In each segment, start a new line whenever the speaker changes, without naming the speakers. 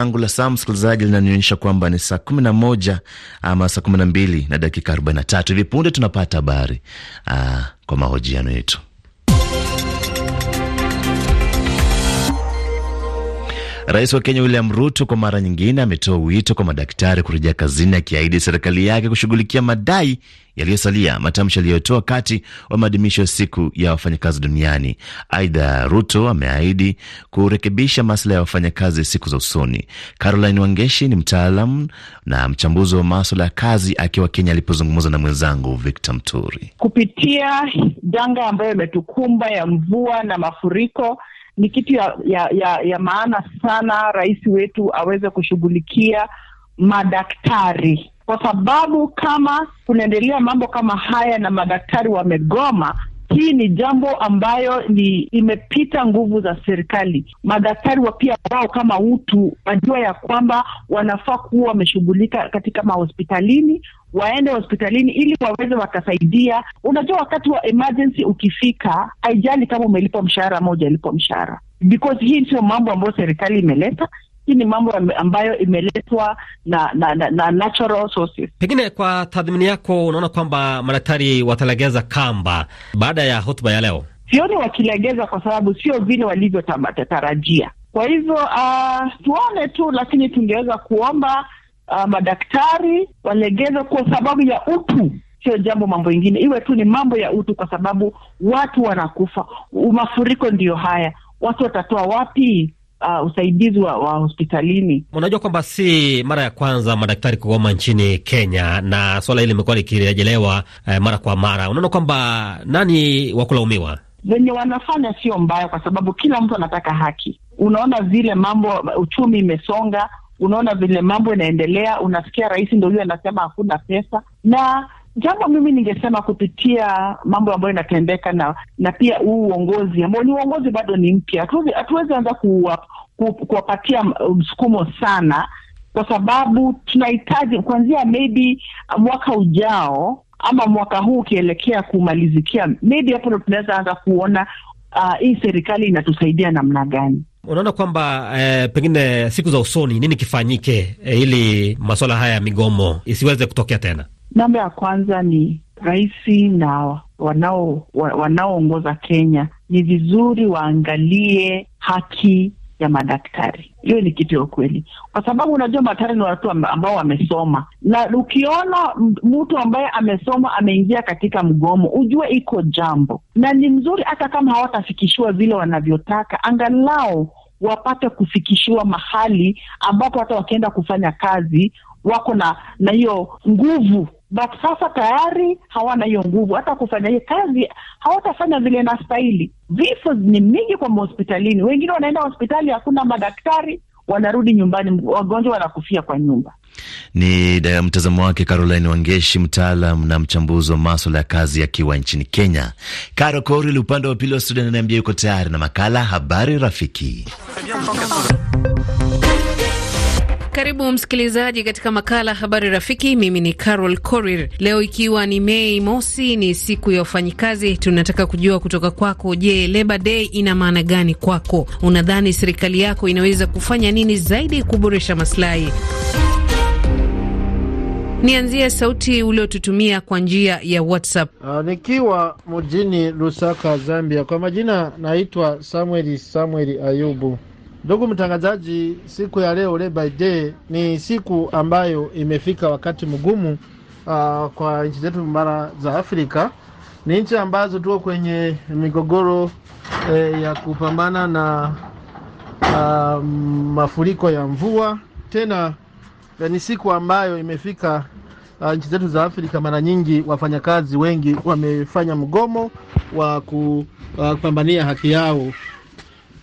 langu la saa msikilizaji linanionyesha kwamba ni saa kumi na moja ama saa kumi na mbili na dakika arobaini na tatu. Hivi punde tunapata habari ah, kwa mahojiano yetu. Rais wa Kenya William Ruto kwa mara nyingine ametoa wito kwa madaktari kurejea kazini, akiahidi serikali yake kushughulikia madai yaliyosalia, matamshi aliyotoa kati wa maadhimisho ya siku ya wafanyakazi duniani. Aidha, Ruto ameahidi kurekebisha masuala ya wafanyakazi siku za usoni. Caroline Wangeshi ni mtaalam na mchambuzi wa maswala ya kazi, akiwa Kenya alipozungumza na mwenzangu Victor Mturi.
Kupitia janga ambayo imetukumba ya mvua na mafuriko ni kitu ya, ya, ya, ya maana sana rais wetu aweze kushughulikia madaktari, kwa sababu kama kunaendelea mambo kama haya na madaktari wamegoma, hii ni jambo ambayo ni imepita nguvu za serikali. Madaktari wa pia wao kama utu wajua ya kwamba wanafaa kuwa wameshughulika katika mahospitalini waende hospitalini ili waweze wakasaidia. Unajua, wakati wa emergency ukifika, haijali kama umelipwa mshahara ama hujalipwa mshahara, because hii sio mambo ambayo serikali imeleta. Hii ni mambo ambayo imeletwa na, na, na, na natural sources.
Pengine kwa tathmini yako, unaona kwamba madaktari watalegeza kamba baada ya hotuba ya leo?
Sioni wakilegeza kwa sababu sio vile walivyotarajia. Kwa hivyo uh, tuone tu, lakini tungeweza kuomba uh, madaktari walegeze kwa sababu ya utu Sio jambo mambo ingine, iwe tu ni mambo ya utu, kwa sababu watu wanakufa. Mafuriko ndiyo haya, watu watatoa wapi? uh, usaidizi wa, wa hospitalini.
Unajua kwamba si mara ya kwanza madaktari kugoma nchini Kenya, na swala hili limekuwa likirejelewa eh, mara kwa mara. Unaona kwamba nani wa kulaumiwa?
Wenye wanafanya sio mbaya, kwa sababu kila mtu anataka haki. Unaona vile mambo uchumi imesonga, unaona vile mambo inaendelea, unasikia rais ndo huyo anasema hakuna pesa na Jambo mimi ningesema kupitia mambo ambayo inatendeka na na pia huu uongozi ambao ni uongozi bado ni mpya, hatuwezi anza kuwapatia ku, msukumo sana, kwa sababu tunahitaji kuanzia maybe mwaka ujao ama mwaka huu ukielekea kumalizikia, maybe hapo tunaweza anza kuona uh, hii serikali inatusaidia namna gani.
Unaona kwamba eh, pengine siku za usoni nini kifanyike eh, ili masuala haya ya migomo isiweze kutokea tena?
Namba ya kwanza ni rais na wanao wanaoongoza Kenya, ni vizuri waangalie haki ya madaktari. Hiyo ni kitu ya ukweli, kwa sababu unajua madaktari ni watu ambao wamesoma, na ukiona mtu ambaye amesoma ameingia katika mgomo, ujue iko jambo, na ni mzuri hata kama hawatafikishiwa vile wanavyotaka, angalau wapate kufikishiwa mahali ambapo hata wakienda kufanya kazi wako na na hiyo nguvu but sasa tayari hawana hiyo nguvu, hata kufanya hiyo kazi hawatafanya vile na stahili Vifo ni mingi kwa mahospitalini, wengine wanaenda hospitali, hakuna madaktari, wanarudi nyumbani, wagonjwa wanakufia kwa nyumba.
Ni mtazamo wake Caroline Wangeshi, mtaalam na mchambuzi wa maswala ya kazi akiwa nchini Kenya. Karo Koril upande wa pili wa studio ananiambia yuko tayari na makala Habari Rafiki.
Karibu msikilizaji katika makala habari rafiki. Mimi ni Carol corir Leo ikiwa ni Mei Mosi, ni siku ya wafanyikazi, tunataka kujua kutoka kwako. Je, Labor Day ina maana gani kwako? Unadhani serikali yako inaweza kufanya nini zaidi kuboresha maslahi? Nianzie sauti uliotutumia kwa njia ya WhatsApp. Uh, nikiwa mjini Lusaka, Zambia. Kwa majina
naitwa Samueli Samueli Ayubu. Ndugu mtangazaji, siku ya leo Labor Day ni siku ambayo imefika wakati mgumu uh, kwa nchi zetu mara za Afrika. Ni nchi ambazo tuko kwenye migogoro eh, ya kupambana na uh, mafuriko ya mvua. Tena eh, ni siku ambayo imefika uh, nchi zetu za Afrika, mara nyingi wafanyakazi wengi wamefanya mgomo wa kupambania haki yao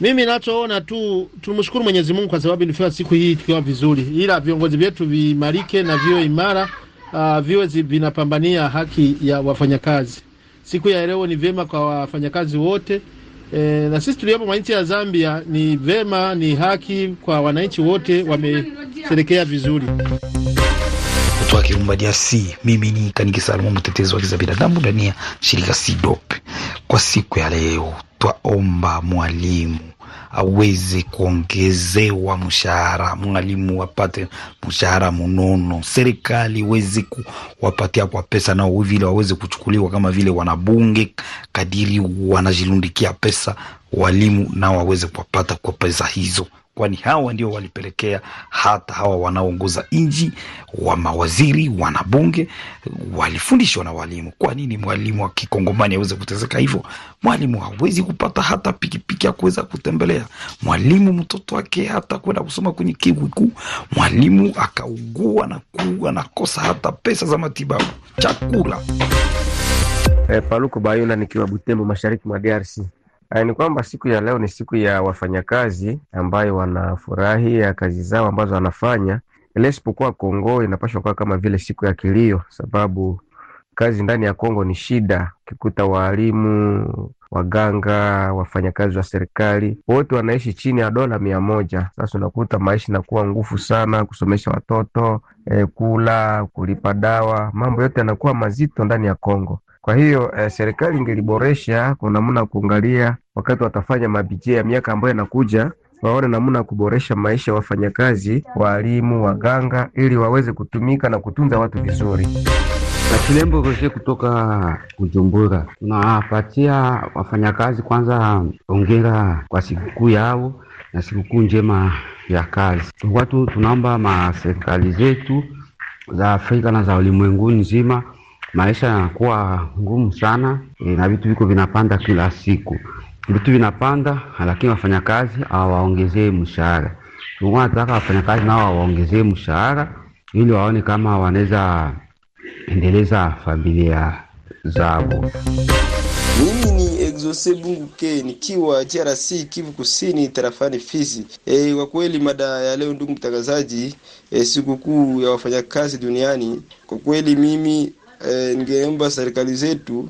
mimi nachoona tu tumshukuru Mwenyezi Mungu kwa sababu ilifika siku hii tukiwa vizuri, ila viongozi vyetu viimarike na viwe imara, uh, viwe vinapambania haki ya wafanyakazi. Siku ya leo ni vyema kwa wafanyakazi wote e, na sisi tuliopo mwanchi ya Zambia ni vyema, ni haki kwa wananchi wote, wameserekea vizuri.
Naitwa Kirumbadia C. Mimi ni Kaniki Salomo, mtetezi wa haki za binadamu ndani ya shirika SIDOP. Kwa siku ya leo, twaomba mwalimu aweze kuongezewa mshahara, mwalimu wapate mshahara munono serikali iweze kuwapatia kwa pesa, nao vile waweze kuchukuliwa kama vile wanabunge, kadiri wanajilundikia pesa, walimu nao waweze kuwapata kwa pesa hizo kwani hawa ndio walipelekea hata hawa wanaoongoza nchi wa mawaziri, wanabunge walifundishwa na walimu. Kwa nini mwalimu wa kikongomani aweze kuteseka hivyo? Mwalimu hawezi kupata hata pikipiki ya kuweza kutembelea, mwalimu mtoto wake hata kwenda kusoma kwenye kivu kuu, mwalimu akaugua na na kosa hata pesa za matibabu, chakula. Eh, Paluku Bayula nikiwa Butembo, mashariki mwa DRC. Eh, ni kwamba siku ya leo ni siku ya wafanyakazi ambayo wanafurahia kazi zao ambazo wanafanya. Ile isipokuwa Kongo inapashwa kuwa kama vile siku ya kilio, sababu kazi ndani ya Kongo ni shida. Ukikuta waalimu, waganga, wafanyakazi wa serikali wote wanaishi chini ya dola mia moja. Sasa unakuta maisha inakuwa ngufu sana, kusomesha watoto e, kula, kulipa dawa, mambo yote yanakuwa mazito ndani ya Kongo. Kwa hiyo eh, serikali ingeliboresha kwa namna kuangalia, wakati watafanya mabijia ya miaka ambayo yanakuja, waone namna ya kuboresha maisha ya wafanyakazi, waalimu, waganga, ili waweze kutumika na kutunza watu vizuri. Kilembo Roje kutoka Kujumbura, tunapatia wafanyakazi kwanza ongera kwa sikukuu yao na sikukuu njema ya kazi. Watu tunaomba maserikali zetu za Afrika na za ulimwenguni nzima maisha yanakuwa ngumu sana e, na vitu viko vinapanda kila siku, vitu vinapanda, lakini wafanyakazi hawaongezee mshahara. Tulikuwa nataka wafanyakazi nao waongezee mshahara ili waone kama wanaweza endeleza familia zao.
Mimi ni Exose Bunguke nikiwa DRC Kivu Kusini tarafani Fizi. E, kwa kweli mada ya leo ndugu mtangazaji, e, sikukuu ya wafanyakazi duniani. Kwa kweli mimi e, ningeomba serikali zetu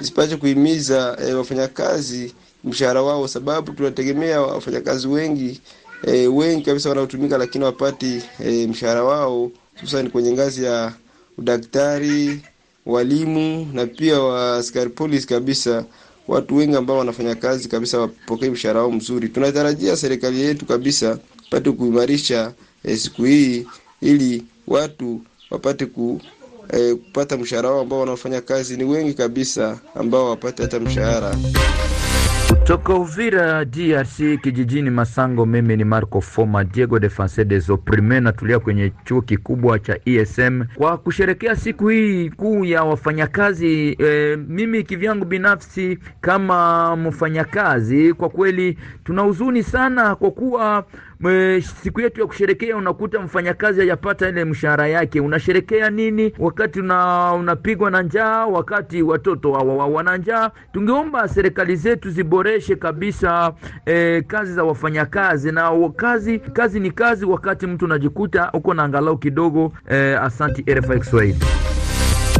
zipate kuhimiza e, wafanyakazi mshahara wao, sababu tunategemea wafanyakazi wengi e, wengi kabisa wanaotumika, lakini wapati e, mshahara wao, hususan kwenye ngazi ya udaktari, walimu na pia wa askari polisi kabisa watu wengi ambao wanafanya kazi kabisa wapokee mshahara wao mzuri. Tunatarajia serikali yetu kabisa pate kuimarisha eh, siku hii ili watu wapate ku eh, kupata mshahara wao ambao wanaofanya kazi ni wengi kabisa, ambao wapate hata mshahara kutoka Uvira DRC kijijini Masango. Mimi ni Marco Foma Diego Defense des Opprimes, natulia kwenye chuo kikubwa cha ESM kwa kusherekea siku hii kuu ya wafanyakazi. E, mimi kivyangu binafsi kama mfanyakazi, kwa kweli tuna huzuni sana kwa kuwa siku yetu ya kusherekea, unakuta mfanyakazi hajapata ile mshahara yake. Unasherekea nini wakati una, unapigwa na njaa, wakati watoto hawa wana njaa? Tungeomba serikali zetu ziboreshe kabisa e, kazi za wafanyakazi na kazi, kazi ni kazi, wakati mtu unajikuta uko na angalau kidogo e, asanti RFI Kiswahili.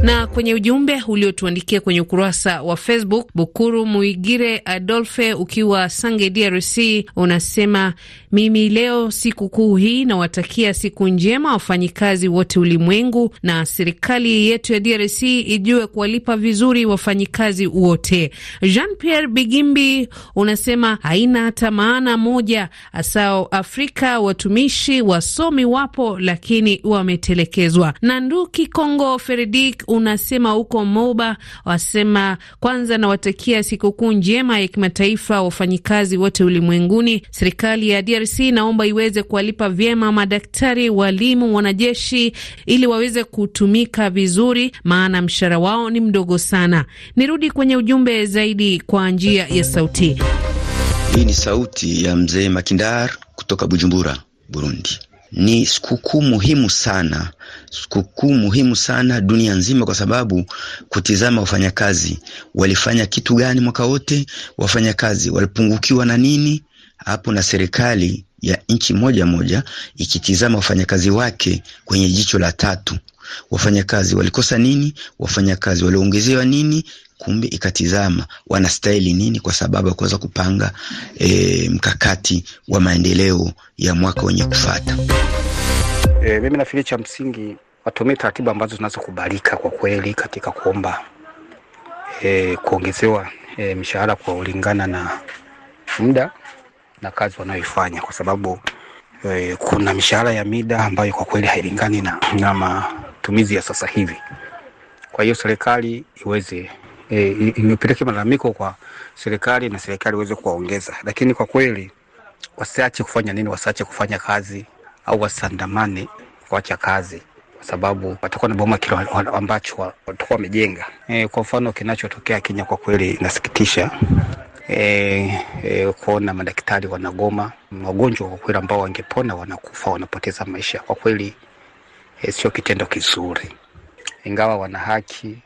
Na kwenye ujumbe uliotuandikia kwenye ukurasa wa Facebook, Bukuru Muigire Adolfe ukiwa Sange, DRC, unasema mimi leo sikukuu hii nawatakia siku njema wafanyikazi wote ulimwengu, na serikali yetu ya DRC ijue kuwalipa vizuri wafanyikazi wote. Jean Pierre Bigimbi unasema haina hata maana moja, asao Afrika watumishi wasomi wapo, lakini wametelekezwa. Nanduki Kongo Feredik unasema huko Moba, wasema kwanza nawatakia sikukuu njema ya kimataifa wafanyikazi wote ulimwenguni. Serikali ya DRC inaomba iweze kuwalipa vyema madaktari, walimu, wanajeshi ili waweze kutumika vizuri, maana mshahara wao ni mdogo sana. Nirudi kwenye ujumbe zaidi kwa njia ya sauti.
Hii ni sauti ya mzee Makindar kutoka Bujumbura, Burundi ni sikukuu muhimu sana, sikukuu muhimu sana dunia nzima, kwa sababu kutizama wafanyakazi walifanya kitu gani mwaka wote, wafanyakazi walipungukiwa na nini hapo, na serikali ya nchi moja moja ikitizama wafanyakazi wake kwenye jicho la tatu, Wafanyakazi walikosa nini? Wafanyakazi waliongezewa nini? Kumbe ikatizama wanastahili nini, kwa sababu ya kuweza kupanga e, mkakati wa maendeleo ya mwaka wenye kufata
E, eh, mimi nafikiri cha msingi watumie taratibu ambazo zinazokubalika kwa kweli katika kuomba e, kuongezewa e, mishahara kwa kulingana na muda na kazi wanayoifanya, kwa sababu e, kuna mishahara ya mida ambayo kwa kweli hailingani na, na ma, matumizi ya sasa hivi. Kwa hiyo serikali iweze e, ipeleke malalamiko kwa serikali na serikali iweze kuwaongeza, lakini kwa kweli wasiache kufanya nini, wasiache kufanya kazi au wasandamane kuacha kazi kwa sababu watakuwa na boma kile ambacho watakuwa wamejenga. E, kwa mfano kinachotokea Kenya kwa kweli inasikitisha. E, e, kuona madaktari wanagoma, wagonjwa kwa kweli ambao wangepona wanakufa, wanapoteza maisha kwa kweli. Eh, sio kitendo kizuri, ingawa wana haki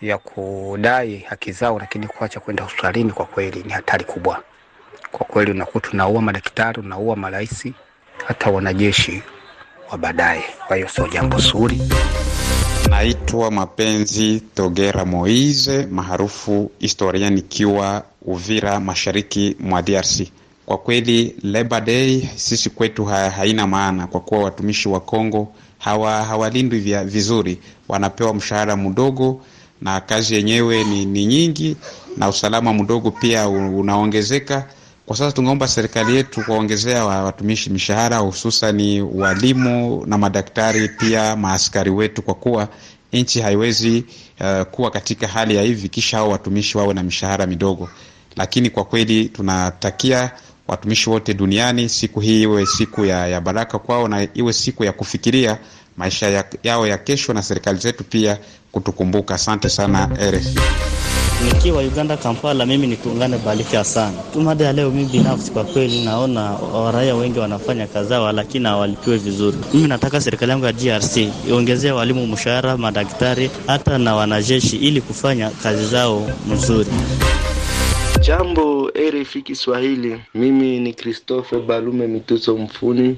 ya kudai haki zao, lakini kuacha kwenda hospitalini kwa kweli ni hatari kubwa. Kwa kweli unakuta unaua madaktari, unaua marais, hata wanajeshi wa baadaye. Kwa hiyo sio jambo zuri. Naitwa Mapenzi Togera Moise maarufu historia, nikiwa Uvira, mashariki mwa DRC. Kwa kweli Labor Day sisi kwetu haina maana kwa kuwa watumishi wa Kongo hawa hawalindwi vya vizuri, wanapewa mshahara mdogo na kazi yenyewe ni, ni nyingi na usalama mdogo pia unaongezeka. Kwa sasa tungeomba serikali yetu kuwaongezea watumishi mishahara, hususani walimu na madaktari, pia maaskari wetu, kwa kuwa nchi haiwezi uh, kuwa katika hali ya hivi kisha hao watumishi wawe na mishahara midogo. Lakini kwa kweli tunatakia watumishi wote duniani, siku hii iwe siku ya, ya baraka kwao na iwe siku ya kufikiria maisha ya, yao ya kesho, na serikali zetu pia kutukumbuka. Asante sana RFI.
Nikiwa Uganda Kampala, mimi nituungane Balika sana tumada Mada ya leo, mimi binafsi kwa kweli naona waraia wengi wanafanya kazi zao, lakini hawalipiwe vizuri. Mimi nataka serikali yangu ya DRC iongezee walimu mshahara, madaktari, hata na wanajeshi ili kufanya kazi zao mzuri. Jambo RFI Kiswahili, mimi ni Christophe Balume Mituso Mfuni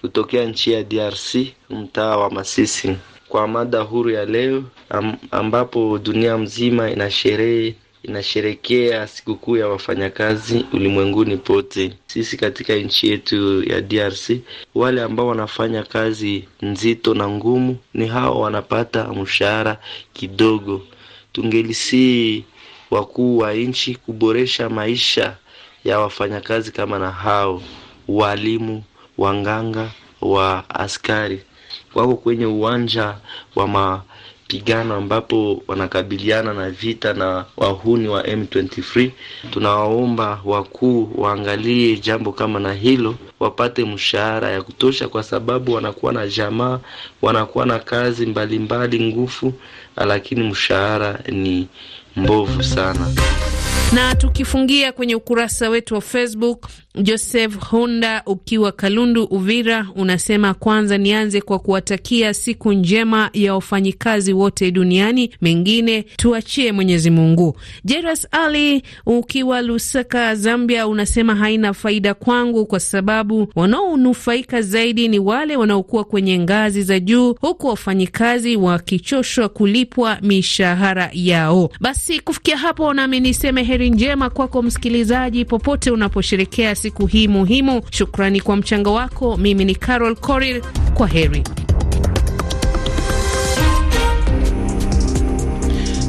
kutokea nchi ya DRC, mtaa wa Masisi, kwa mada huru ya leo am, ambapo dunia mzima inasherehe inasherekea sikukuu ya wafanyakazi ulimwenguni pote. Sisi katika nchi yetu ya DRC, wale ambao wanafanya kazi nzito na ngumu ni hao wanapata mshahara kidogo. Tungelisii wakuu wa nchi kuboresha maisha ya wafanyakazi kama na hao walimu, wanganga, wa askari wako kwenye uwanja wa mapigano ambapo wanakabiliana na vita na wahuni wa M23. Tunawaomba wakuu waangalie jambo kama na hilo, wapate mshahara ya kutosha, kwa sababu wanakuwa na jamaa, wanakuwa na kazi mbalimbali ngufu, lakini mshahara ni mbovu sana.
Na tukifungia kwenye ukurasa wetu wa Facebook, Joseph Honda ukiwa Kalundu, Uvira, unasema kwanza nianze kwa kuwatakia siku njema ya wafanyikazi wote duniani, mengine tuachie Mwenyezi Mungu. Jeras Ali ukiwa Lusaka, Zambia, unasema haina faida kwangu kwa sababu wanaonufaika zaidi ni wale wanaokuwa kwenye ngazi za juu, huku wafanyikazi wakichoshwa kulipwa mishahara yao. Basi basi kufikia hapo, nami niseme heri njema kwako msikilizaji, popote unaposherekea siku hii muhimu. Shukrani kwa mchango wako. Mimi ni Carol Korir, kwa heri.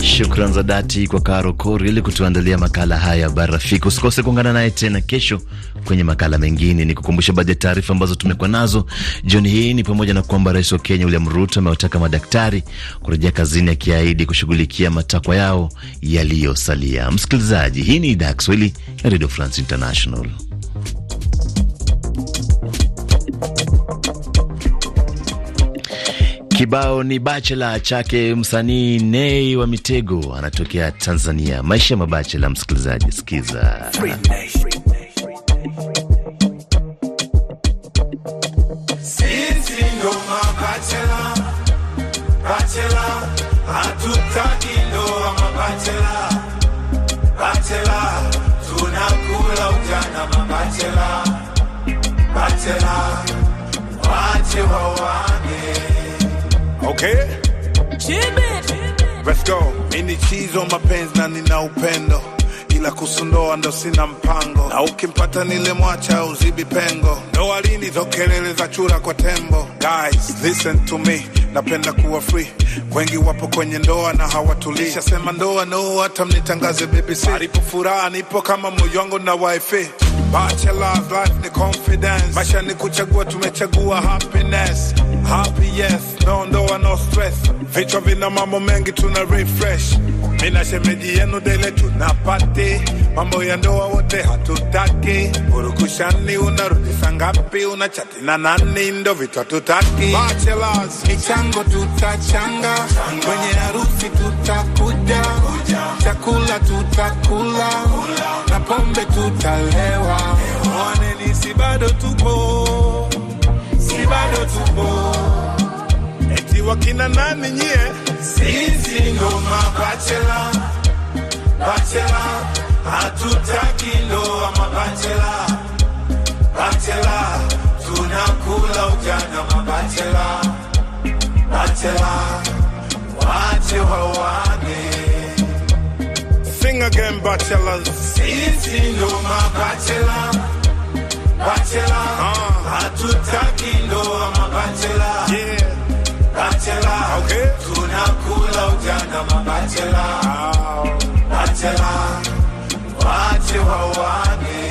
Shukran za dhati kwa Karo Kori ili kutuandalia makala haya. Barafiki, usikose kuungana naye tena kesho kwenye makala mengine. Ni kukumbusha baadhi ya taarifa ambazo tumekuwa nazo jioni hii ni pamoja na kwamba rais wa Kenya William Ruto amewataka madaktari kurejea kazini, akiahidi kushughulikia matakwa yao yaliyosalia. Msikilizaji, hii ni idhaa ya Kiswahili ya Radio France International. Kibao ni bachela chake msanii Nei wa Mitego, anatokea Tanzania. Maisha ya mabachela, msikilizaji, sikiza
Free.
Minichizo mapenzi na nina upendo ila kusundoa ndo sina mpango, na ukimpata nile mwacha uzibi pengo. Ndoa lini zokelele za chura kwa tembo? Guys listen to me, napenda kuwa free. Wengi wapo kwenye ndoa na hawatulii, shasema ndoa no, hata mnitangaze BBC. Alipofuraha nipo kama moyo wangu na wife Bachelor life ni confidence, maisha ni kuchagua, tumechagua happiness. Happy yes, no no stress, vichwa vina mambo mengi, tuna refresh. Mina shemeji yenu dele tuna tunapati, mambo ya ndoa wote hatutaki. Urukushani unarudi saa ngapi? Unachati na nani? Ndo vitu hatutaki. Bachelors, michango tutachanga, kwenye harusi tutakuja, chakula tutakula na pombe tutale si bado tupo, si bado tupo. Eti wakina nani nyie? Sisi ndo mabachela, bachela, hatutaki ndoa mabachela, bachela, tunakula ujana mabachela, bachela, wache wawane Sing again, bachelors. Sisi ndo mabachela, bachela bachela ah. hatutaki ndoa tunakula ujana mabachela ah. wache wawane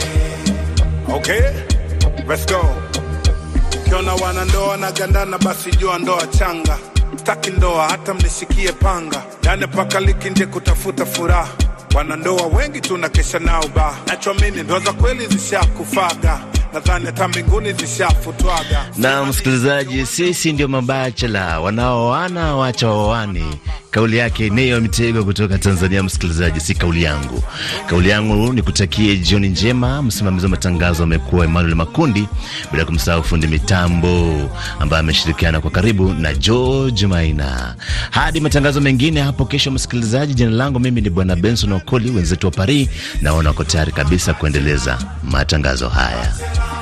ukiona wanandoa na gandana basi jua ndoa changa taki ndoa hata mnisikie panga ndane yaani pakaliki nje kutafuta furaha wana ndoa wengi tunakesha nao ba nacho mimi ndoa za kweli zishakufaga nadhani hata mbinguni zishafutwaga.
Na msikilizaji, sisi ndio mabachela wanaoana wacha waoane Kauli yake Neo Mtego kutoka Tanzania. Msikilizaji, si kauli yangu. Kauli yangu ni kutakie jioni njema. Msimamizi wa matangazo amekuwa Emmanuel Makundi, bila kumsahau fundi mitambo ambaye ameshirikiana kwa karibu na George Maina. Hadi matangazo mengine hapo kesho, msikilizaji. Jina langu mimi ni Bwana Benson Okoli. Wenzetu wa Paris naona wako tayari kabisa kuendeleza matangazo haya.